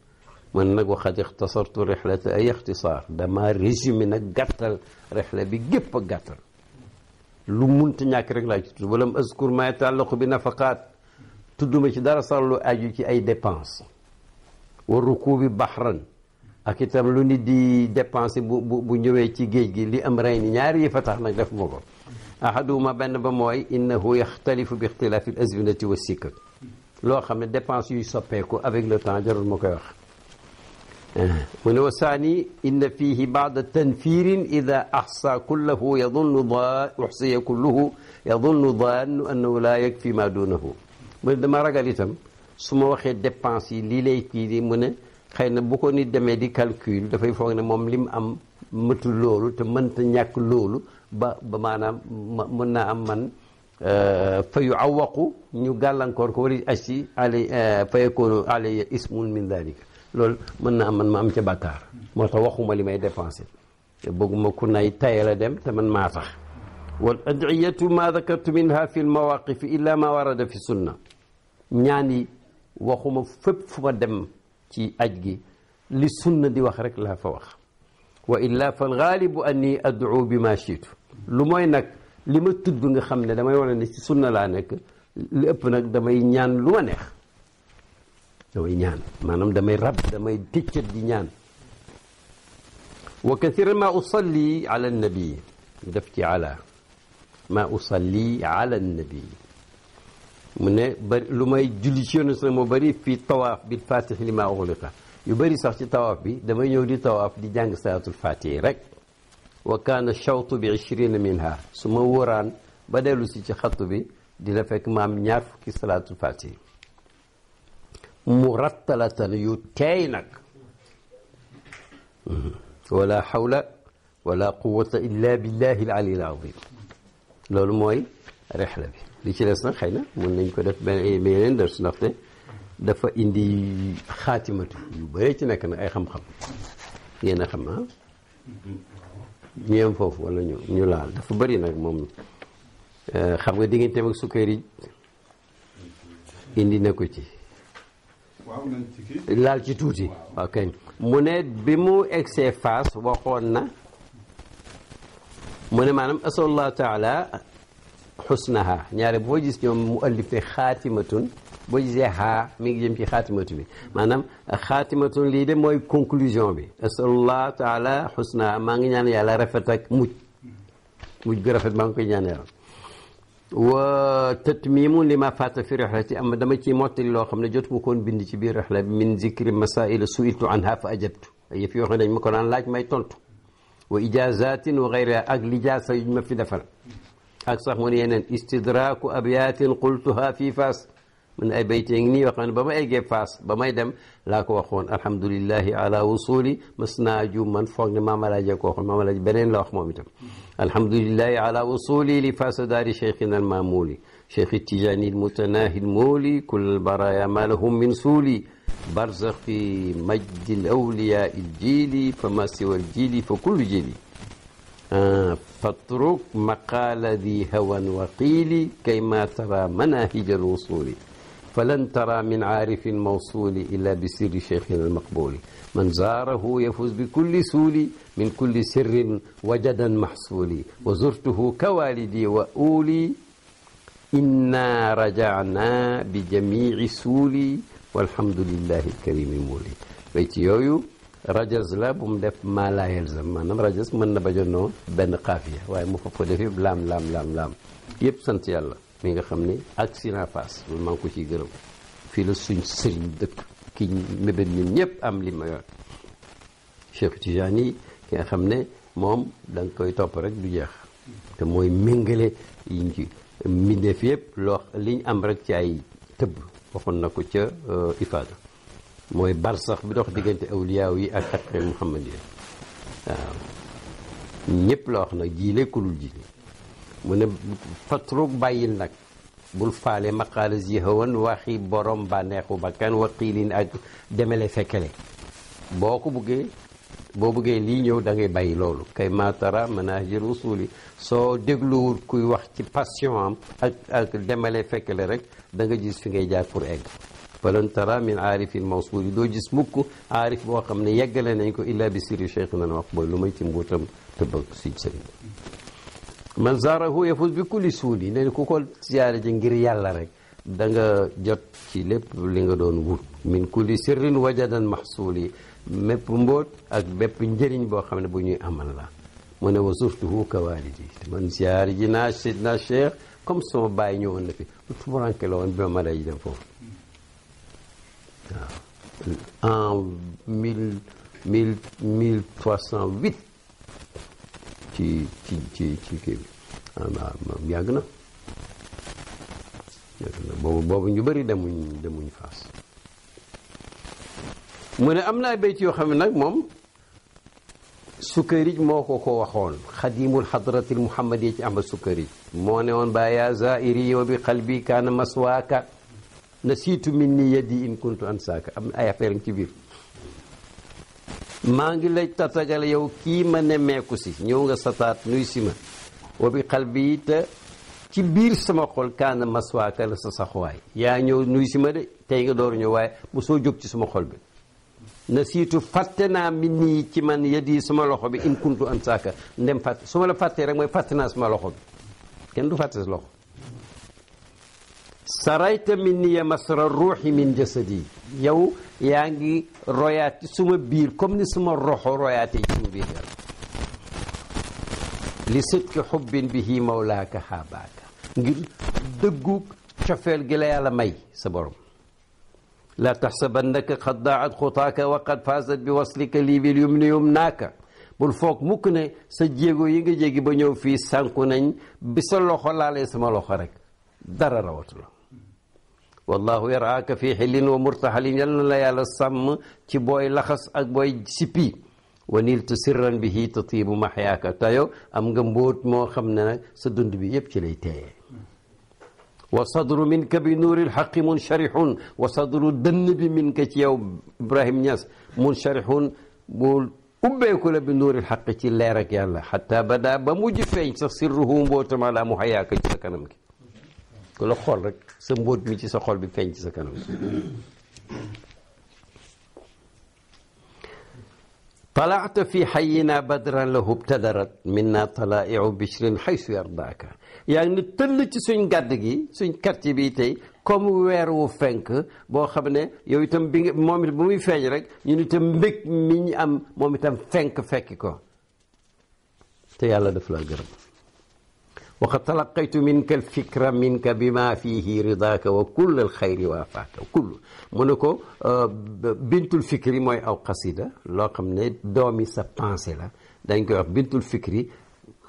من نقو خد اختصرتو رحلة اي اختصار دا ما رجي من قتل رحلة بي جيب قتل لو منت نعكرك لاجت ولم اذكر ما يتعلق بنفقات تدو مش دار صارلو اجي كي اي ديبانس والركوب بحرا اكيتام لو دي ديبانس بو بو, بو نيوي لي ام راي نياار يفتح نك احدهما بن بموي انه يختلف باختلاف الازمنه والسكك loo xam ne dépense yuy soppeeku avec le temps jarul ma koy wax mu ne wa saani inna fiihi baada tanfiirin ida axsa kullahu yadunnu da uxsiya kulluhu yadunnu daannu annahu laa yakfi ma duunahu mu ne dama ragal itam su ma waxee dépense yi lii lay kii di mu ne xëy na bu ko nit demee di calcul dafay foog ne moom li mu am mëtu loolu te mënta ñàkk loolu ba ba maanaam mën naa am man آه، فيعوق يقال لك كوري اشي علي آه، فيكون علي اسم من ذلك لول من ما من مام تبكار ما توخم لي ما ديفانسي بوك ما كنا يتايل دم تمن ما صح والادعيه ما ذكرت منها في المواقف الا ما ورد في السنه ناني يعني وخم فب فما دم تي اجي للسنه دي واخ رك لا فوخ والا فالغالب اني ادعو بما شئت لو موي li ma tudd nga xam ne damay wane ne ci sunna laa nekk li ëpp nag damay ñaan lu ma neex damay ñaan maanaam damay rab damay tëccat di ñaan wa kathiran ma usalli ala nabi def ci ala ma usalli ala nabi mu ne bari lu may julli ci yoonu sa moo bari fii tawaaf bi fatih li ma uxliqa yu bari sax ci tawaaf bi damay ñëw di tawaaf di jàng salaatul fatih rek وكان الشوط بعشرين منها سمورا بدل سيتي خطبي دي فك مام نياف كي صلاه الفاتحه مرتله يتينك ولا حول ولا قوة إلا بالله العلي العظيم لول موي رحلة بي ليش لسنا خينا من نجم كده بين أي درس نفته دفع إندي خاتمة يبغيتنا كنا أي خم خم ينا خم ها ñu yem foofu wala ñu ñu laal dafa bëri nag moom eh, xam nga diggante su sukkari indi na ko ci laal ci tuuti waaw kañ bi mu egsee Faas waxoon na mu ne maanaam asallahu taala حسنها نيار بوجيس نيوم مؤلف خاتمة بوجيس ها ميجيم في خاتمة بي مانام خاتمة ليد موي كونكلوزيون بي أسأل الله تعالى حسنها ماني نيان يالا رفتك موج موج برفت مانكو نيان يالا وتتميم لما فات في رحلتي أما دمي كي موت اللي لو خمنا جوت بكون بندي كبير رحلة من ذكر مسائل سئلت عنها فأجبت أي في وخنا مكران لاك ماي تونتو وإجازات وغيرها أقل إجازة ما في دفر أكثر ينن استدراك أبيات قلتها في فاس من أي بيت يغني وقال بما أي فاس بما يدم لا وخون الحمد لله على وصولي مسناجو من فوق ما ملاجا وخون ما ملاجا بنين لا مامتم الحمد لله على وصولي لفاس دار شيخنا المامولي شيخ التجاني المتناهي المولي كل البرايا ما لهم من سولي برزخ في مجد الأولياء الجيلي فما سوى الجيلي فكل جيلي آه فاترك مقال ذي هوى وقيل كيما ترى مناهج الوصول فلن ترى من عارف موصول إلا بسر شيخنا المقبول من زاره يفوز بكل سول من كل سر وجدا محصول وزرته كوالدي وأولي إنا رجعنا بجميع سولي والحمد لله الكريم مولي بيت يويو rajas la bu mu def maa laa yelzam maanaam rajas mën na bajonoo benn xaafiya waaye mu fop ko def yëpp laam laam laam laam yëpp sant yàlla mi nga xam ni accident pass loolu maa ngi ko ciy gërëm fii la suñ sëriñ dëkk ki mébét ñun ñëpp am li ma yor Cheikh Tijaan yi ki nga xam ne moom da nga koy topp rek du jeex te mooy méngale yiñ ci mbindeef yëpp loo liñ am rek ci ay tëb waxoon na ko ca euh, ifaada mooy barsax bi dox diggante awliyaaw yi ak xaqi muhammad yi waaw ñëpp la wax nag jiile ku ji jiile mu ne fatruk bàyyil nag bul faale maqaala si waxi borom bànneexu ba bakkan waqiilin ak demale fekkele boo ko buggee boo buggee lii ñëw da ngay bàyyi loolu kay matara manahjir usuli soo dégluwul kuy wax ci passion am ak ak demele fekkele rek danga nga gis fi ngay jaar pour egg فلن ترى من عارف موصول دو جسمك عارف واقم نيجل نيكو إلا بسير شيخنا نقبل لما يتم قوتم تبقى سيد سليم من زاره يفوز بكل سوني لأن كل زيارة جنجر يالا رك دنجا جات كي لب لينغ دون وود من كل سر وجد محصول مبمبوت اك بيب نجرين بو خامن بو ني امان لا من وصفته كوالدي من زيارة ناشد ناشيخ كم سو باي نيون نفي تبران كلون بما لا يدفو Ah. en mille mille trois cent huit ci ci ci ci bi en ah, yàgg na yàgg na boobu boobu ñu bëri demuñ demuñ faas mu ne am naa ay bayt yoo xam ne nag moom Sukkarij moo ko ko waxoon xadimul xadratil muhammadiya ci Ahmad Sukkarij moo ne woon ba ya zairi wa bi qalbi kaana maswaaka na siitu min nii yeddi in kuntu an saaka am ay affaire ci biir maa ngi lay tatagal yow kii ma nemmeeku si ñëw nga sa sataat nuy si ma wa xal bi te ci biir sama xol kaana maswaaka la sa saxuwaay yaa ñëw nuy si ma de tey nga dooru ñëw waaye bu soo jóg ci sama xol bi na siitu fàtte naa min nii ci man yeddi sama loxo bi in kuntu an saaka ndem fàtte su ma la fàttee rek mooy fàtte naa sama loxo bi kenn du fàtte sa loxo sarayta min ni ya masra ruuxi min jasadi yow yaa ngi royaat ci suma biir comme ni suma roxo royaate ci suma biir li sidqi xubbin bihi mawlaaka xaabaaka ngir dëggu cofeel gi la yàlla may sa borom laa taxsabannaka qad daat xutaaka wa qad faasat bi waslika lii bil yumni yumnaaka bul foog mukk ne sa jéego yi nga jéegi ba ñëw fii sànku nañ bi sa loxo laalee sama loxo rek dara rawatu la wallahu yaraaka fii xillin wa murtaxalin yal na la yàlla sàmm ci booy laxas ak booy sippi wa niltu sirran bihi tatiibu maxyaaka tayo am nga mbóot moo xam ne nag sa dund bi yëpp ci lay teeyee wa sadru min ka bi nuuril xaqi munsharixun wa sadru dënn bi min ka ci yow Ibrahim Niass munsharixun bu ubbeeku la bi nuuril xaqi ci leer ak yàlla xataa ba daa ba mujj feeñ sax sirruhu mbootam ala mu xayaaka ci sa kanam gi ku la xool rek sa mbóot mi ci sa xol bi feeñ ci sa kanam talaata fi xayina badran la hubtadarat min na talaiu bichrin xaysu yardaaka yaa ngi ne tëll ci suñ gàdd gi suñ quartier bi tey comme weer wu fenk boo xam ne yow itam bi nga moom bu muy feeñ rek ñun itam mbég mi ñu am moom itam fenk fekki ko te yàlla daf laa gërëm وقد تلقيت منك الفكرة منك بما فيه رضاك وكل الخير وافاك كل mu ne ko euh, bintul fikri mooy aw xasida loo xam ne doomi sa pensée la dañ koy wax bintul fikri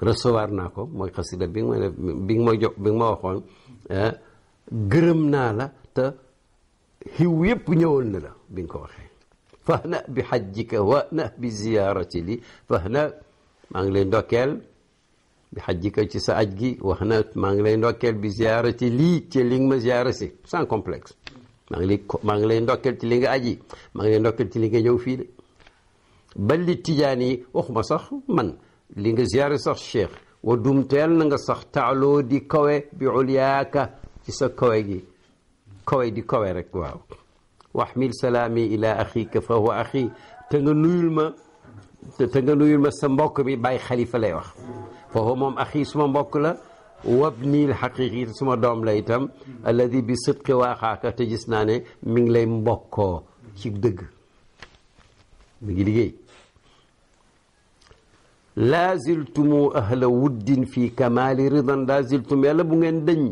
recevoir naa ko mooy xasida bi nga ma bi nga ma jox bi nga ma waxoon gërëm naa la te xiw yépp ñëwoon na la bi nga ko waxee fahna bi xajjika wa na bi ziyaarati li fahna maa ngi leen dokkeel بحجك تسا أجي وهنا مانغلين دوكل بزيارة لي تلين ما زيارتي سان كومبلكس مانغلين دوكل تلين أجي مانغلين دوكل تلين جو فيدي بل لي تجاني وخما صح من لين زيارة صح شيخ الشيخ تيل نغا صح تعلو دي كوي بعلياك تسا كوي جي كوي دي كوي رك واو واحمل سلامي إلى أخيك فهو أخي تنغنويل ما تنغنويل ما سمبوك بي باي خليفة لي وخ فهو مام أخي سما بقولا وابني الحقيقي سما دام ليتم الذي بصدق واقعك تجسناني من لي مبكو شيك دق مجلقي لازلتم أهل ود في كمال رضا لازلتم يلا بغن دن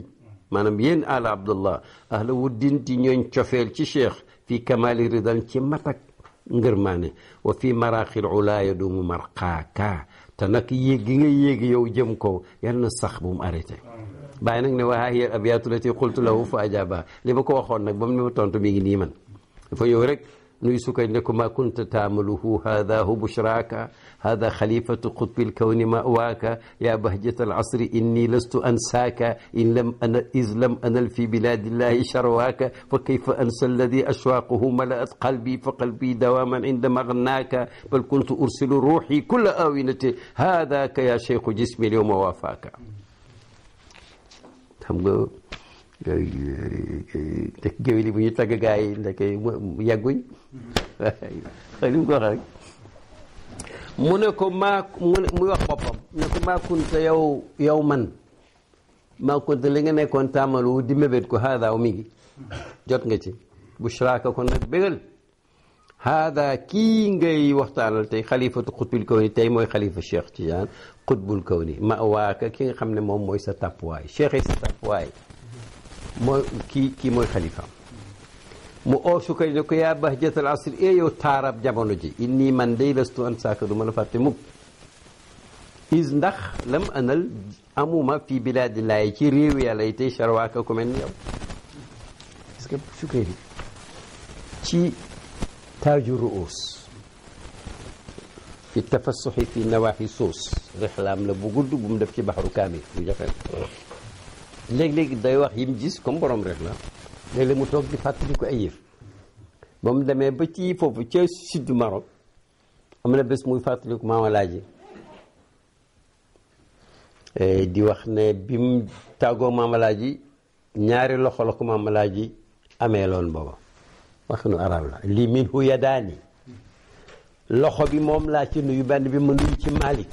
ما نبين آل عبد الله أهل ود تنين تشفيل تشيخ في كمال رضا كمتك نغرماني وفي مراخي العلاية دوم مرقاكا te nag yéeg gi nga yéeg yow jëm ko yal na sax bu mu arrêté bàyyi nag ne waa hiya al-abyaatu llati qultu lahu fa ajaaba li ma ko waxoon nag ba mu ne ma tontu mi ngi nii man dafa ñëw rek نيسك إنك ما كنت تعمله هذا هو بشراك هذا خليفة قطب الكون مأواك يا بهجة العصر إني لست أنساك إن لم أنا إذ لم أنل في بلاد الله شرواك فكيف أنسى الذي أشواقه ملأت قلبي فقلبي دواما عندما غناك بل كنت أرسل روحي كل آونة هذاك يا شيخ جسمي اليوم وافاك te géwél yi ñu tagg gaa yi ndeke yàgguñ li mu ko wax rek mu ne ko maa mu ne wax boppam ne ko maa kunta yow yow man maa kunta li nga nekkoon taamalu di mébét ko haadaaw mi ngi jot nga ci bushraaka kon nag bégal haada kii ngay waxtaanal tey xalifatu xutbul kawni tey mooy xalifa cheikh Tijaan xutbul kawni ma waaka ki nga xam ne moom mooy sa tàppuwaay cheikh yi sa tàppuwaay mooy kii kii mooy xalifaam mu oo sukkay ne ko yaa bahjatal asr e yow taarab jamono ji inni man day lastu an saaka du ma la fàtte mukk is ndax lam anal amuma fii bilaadillaahi ci réew yàlla yi tey charwaaka ku mel ni yow parce que sukkay ci taaju ruus ci tafassuxi fi nawaaxi suus rixlaam la bu gudd bu mu def ci baxaru kaamil bu léegi-léegi day wax yim gis comme boroom rek la léeg-léeg mu toog di fàttaliku ko ay yëf ba mu demee ba ci foofu ca sud du Maroc am na bés muy fàttaliku maama e, di wax ne bi mu tàggoo maama ñaari loxo la ko maama laaji amee loon booba waxinu arab la lii min hu yadaani loxo bi moom laa ci nuyu benn bi ma nuyu ci Malick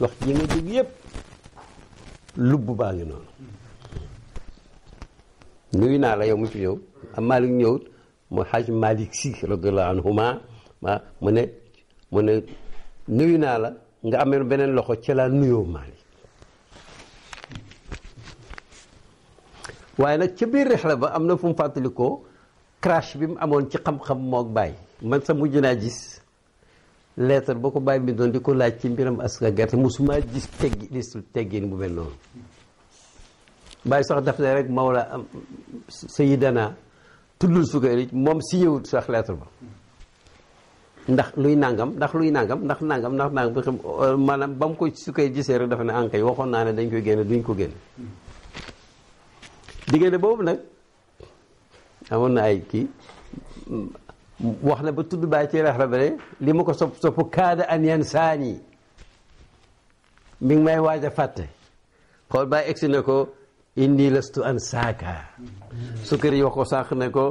wax ji nga dégg yépp lubb baa ngi noonu nuyu naa la yow mu fi ñëw am Malick ñëwut mu xaj Malick si radiyallahu anhuma ma mu mu ne nuyu naa la nga amee beneen loxo ca laa nuyoo waaye nag ca biir ba am na fu mu fàttalikoo crash bi mu amoon ci xam-xam moog bàyyi man sa mujj naa lettre boo ko bàyyi bindoon di ko laaj ci mbiram aska gerte musuma gis teggi listu teggin bu mel noonu bàyyi sax def ne rek Mawla am sayidana tuddul Sukayri moom si ñëwut sax lettre ba ndax luy nangam ndax luy nangam ndax nangam ndax nangam maanaam ba mu ko su koy gisee rek dafa ne ankay waxoon naa ne dañ koy génne duñ ko génne diggante boobu nag amoon na ay kii wax na ba tudd bàyyi ci rex rabare li ma ko sopp soppu kaada an yan saani mi ngi may waaj a fàtte xool bàyyi egsi na ko inni lastu an saaka kër yi wax ko sànq ne ko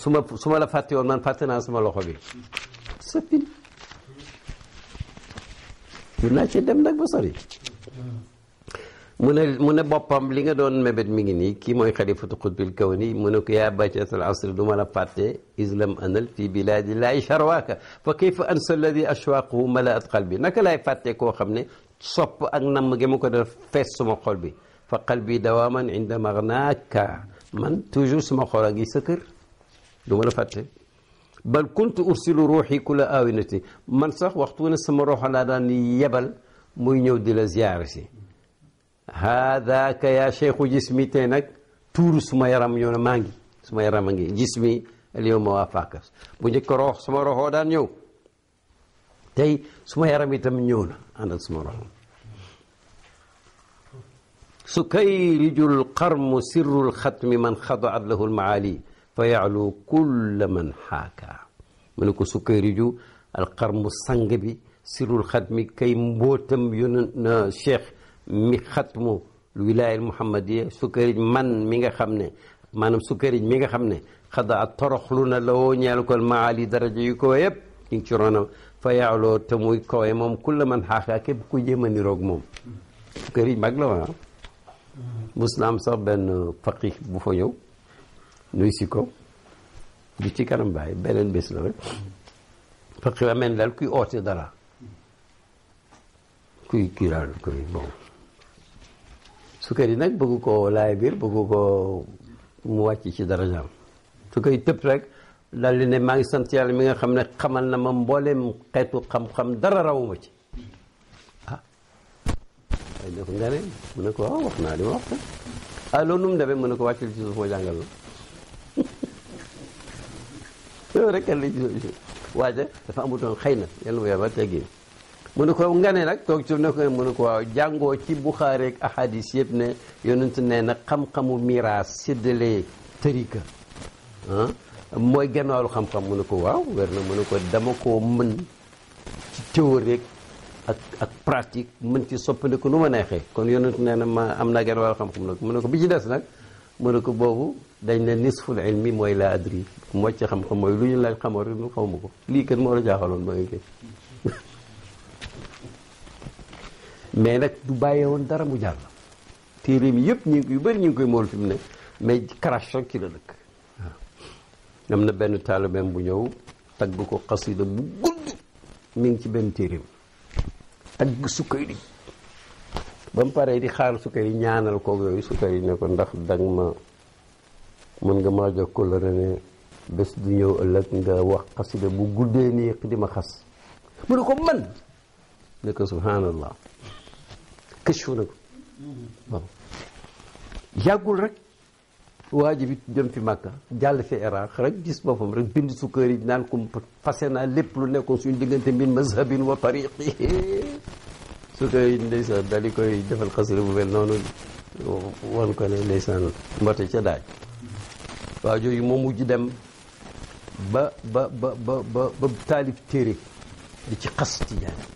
su ma su ma la fàtte woon man fàtte naa sama loxo bi sa fin naa ci dem nag ba sori من من بابام لي دون مبد ميغيني كي يخلي فتو القطب الكوني منك يا باتات العصر دوما لا فاتي اذ لم انل في بلادي لا شرواك فكيف انسى الذي اشواقه ملأت قلبي نك لا فاتي كو خمني صب اك نم غي مكو دار سما قلبي فقلبي دواما عند مغناك من توجو سما خورغي سكر دوما لا فاتي بل كنت ارسل روحي كل اوينتي من صح وقتونا سما روح لا يبل موي نيو دي لا هذاك يا شيخ جسمي تينك تور سما يرام يونا مانجي سما يرام جسمي اليوم ما وافاكس بوجيك روح سما روح دان يو تي سما يرام يتم يونا انا سما روح سكيلج القرم سر الختم من خضعت له المعالي فيعلو كل من حاكا منكو سكيلج القرم السنجبي سر الختم كي موتم يونا شيخ mi xatmu wilaayal muhammadiya sukkariñ man mi nga xam ne maanaam sukkariñ mi nga xam ne xada a na la woo ñeel ko maali daraja yu ko yëpp ñu ci ronam fa yaaloo te muy kawe moom kulla man xaaxaa képp ku jéem a niroog moom sukkariñ mag la woon mus am sax benn faqih bu fa ñëw nuy si ko du ci kanam bàyyi beneen bés la rek faqih ameen daal kuy oote dara kuy kii daal kuy bon sukkar yi nag bëgg ko laay biir bëgg ko mu wàcc ci darajaam su koy tëb rek daal di ne maa ngi sant yàlla mi nga xam ne xamal na ma mbooleem xeetu xam-xam dara rawuma ci ah ay ne ko nga ne mu ne ko waaw ah, wax naa di ma wax ko ah loolu nu mu demee mu ne ko wàccul ci suuf ma jàngal la (laughs) loolu rek kan la ci waaja dafa amutoon xëy na yàlla mu yàlla teggee mu ne ko nga ne nag toog ci ne ko mu ne ko waaw jàngoo ci buxaari ak ahadis yëpp ne yonent nee na xam-xamu miraas séddalee tërika ah, mooy gannaaw xam-xam mu ne ko waaw wér mu ne ko dama ko mën ci théorie ak ak pratique mën ci soppandiku nu ma neexee kon yonent nee na ma am naa gannaaw xam-xam mu ne ko bi ci des nag mu ne ko boobu dañ ne nisful ilmi mooy laa adri moo ci xam-xam mooy lu ñu laaj xamoo rek nu xaw ma ko lii kenn moo la jaaxaloon ba mais nak du baye won dara mu jall téré mi yépp ñi ngi yu bëri ñu koy mool fi mu ne mais crash rek ci la dëkk amna na benn taalibeem bu ñëw tagg ko qasida bu gudd mi ngi ci benn téré mi su koy di bam paré di xaar su koy ñaanal ko yoy su koy ne ko ndax dang ma mën nga ma jox ko la du ñëw ëlëk nga wax qasida bu guddé ni xidima xass mu ko man ne ko subhanallah këcfu na ko yàggul rek waa ji bi dem fi màkka jàll fi iraq rek gis boppam rek bind sukkër yi naan ko fase naa lépp lu nekkoon suñu diggante min mazhabin wa tariqi sukkër yi ndeysaan daal di koy defal xasri bu mel noonu wan ko ne ndeysaan mbote ca daaj waa jooju moom mujj dem ba ba ba ba ba taalif téere di ci xas tijaan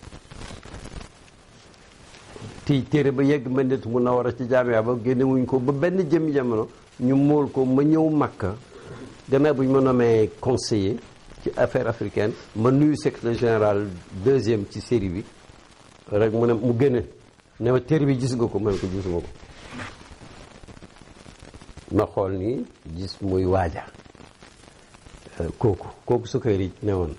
fii téere ba yegg Madinatu Munawwara ci jaamia ba génne wuñ ko ba benn jëmmi jamono ñu mool ko ma ñëw Makka gannaaw bu ñu ma nommé conseiller ci affaire africaine ma nuyu secrétaire général deuxième ci série bi rek mu ne mu génne ne ma téere bi gis nga ko ma ne ko gisuma xool nii gis muy waaja euh, kooku kooku su koy rij ne woon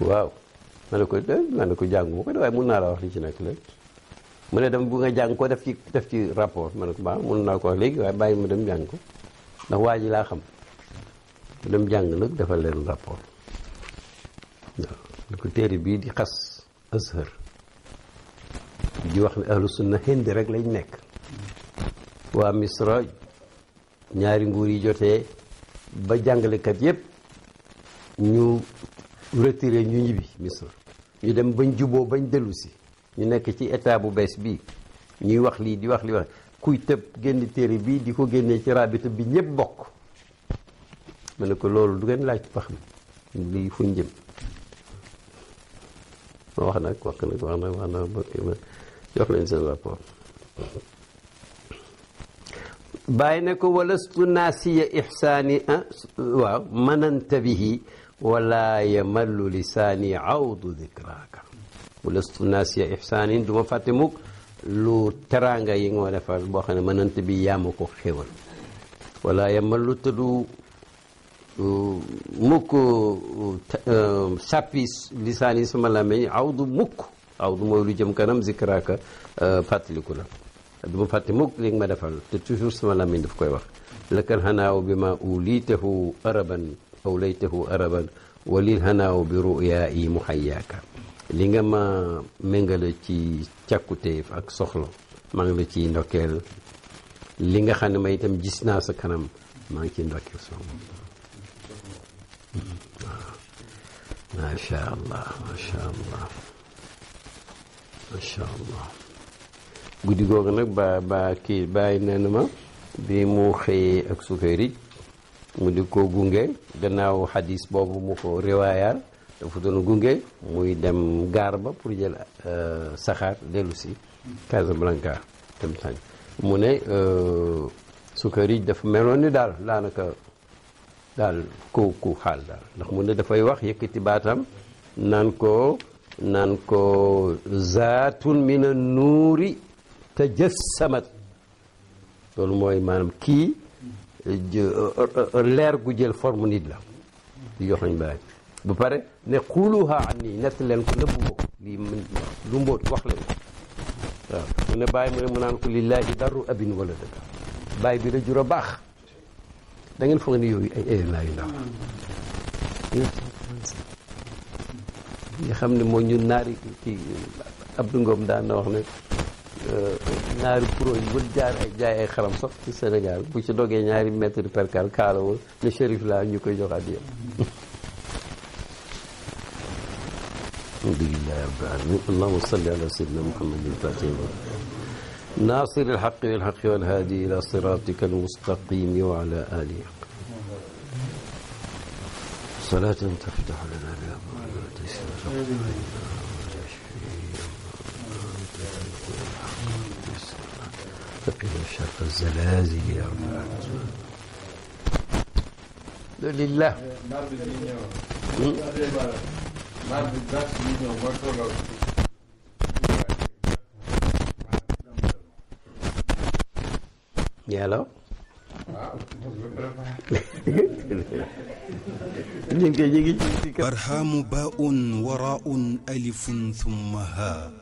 waaw ma ne ko eh, ma ne ko jàngu ma ko de waaye mun naa la wax li ci nekk léegi mu ne dem bu nga jàng ko def ci def ci rapport ma ne ko baax mun naa ko wax léegi waaye bàyyi ma dem jàng ko ndax waa ji laa xam mu dem jàng nag defal leen rapport waaw ne téere bii di xas Azhar di wax ne ahlu sunna Hind rek lañ nekk waa Misra ñaari nguur yi jotee ba jàngalekat yépp ñu retiré ñu ñibbi ñu dem bañ juboo bañ dellu ñu nekk ci état bu bees bii ñuy wax lii di wax li wax kuy tëb génn téere bii di ko génnee ci rabita bi ñépp bokk ma ne ko loolu du ngeen laaj ba xam lii fuñ jëm ma wax nag wax nag wax nag wax na ba jox leen seen ko walastu naasiya ihsaani ah, waaw mananta bihi wala yamallu lisaani awdu dikraka walastu naasiya ihsaanin du ma fàtte mukk lu teraanga yi nga ma defal boo xam ne mënant bi yaama ko xéwal wala yamallu te du mukk sàppi lisaani sama làmmiñ awdu mukk awdu mooy lu jëm kanam zikraka fàttaliku la du ma fàtte mukk li nga ma defal te toujours sama làmmiñ daf koy wax lakal xanaaw bi ma ulitahu araban aw laytahu araban walil hanaaw bi ruyaa yi mu xayyaaka li nga ma méngale ci càkkutéef ak soxla maa ngi la ciy ndokkeel li nga xam ne ma itam gis naa sa kanam maa ngi ciy ndokkeel soxla waaw macha allah guddi googu nag ba ba kii bàyyi na ma bi mu xëyee ak sukkeeri mu ko gunge gannaaw xadis boobu mu ko dafa doon gunge muy dem gaar ba pour jël euh, saxaar dellu si Casablanca dem sañ mu ne euh, Sukari dafa meloon ni daal daanaka daal ku ku xaal daal ndax mu ne dafay wax yëkkati baatam naan ko naan ko zaatun min an nuuri tajassamat loolu mooy maanaam kii leer gu jël forme nit la di jox nañ baay bu pare ne xuuluha an nii nett leen ko nëbbu ko lii lu mbóot wax leen waaw mu ne bàyyi mu ne mu naan ko lillaahi daru abin wala dëkk bàyyi bi da jur a baax da ngeen foog ne yooyu ay éléments yu ndaw nga xam ne moo ñu naari ci Abdou Ngom daan na wax ne ñaari kuro yi ba jaar ay jaay ay xaram sax ci Sénégal bu ci dogee ñaari mètre per cal kaala wu le الحمد لله رب العالمين اللهم صل على سيدنا محمد الفاتح ناصر الحق بالحق والهادي الى صراطك المستقيم وعلى اله صلاه تفتح لنا بها وتيسر لنا ترتقي شرق الزلازل يا رب لله يا hmm? لو (laughs) برهام باء وراء ألف ثم هاء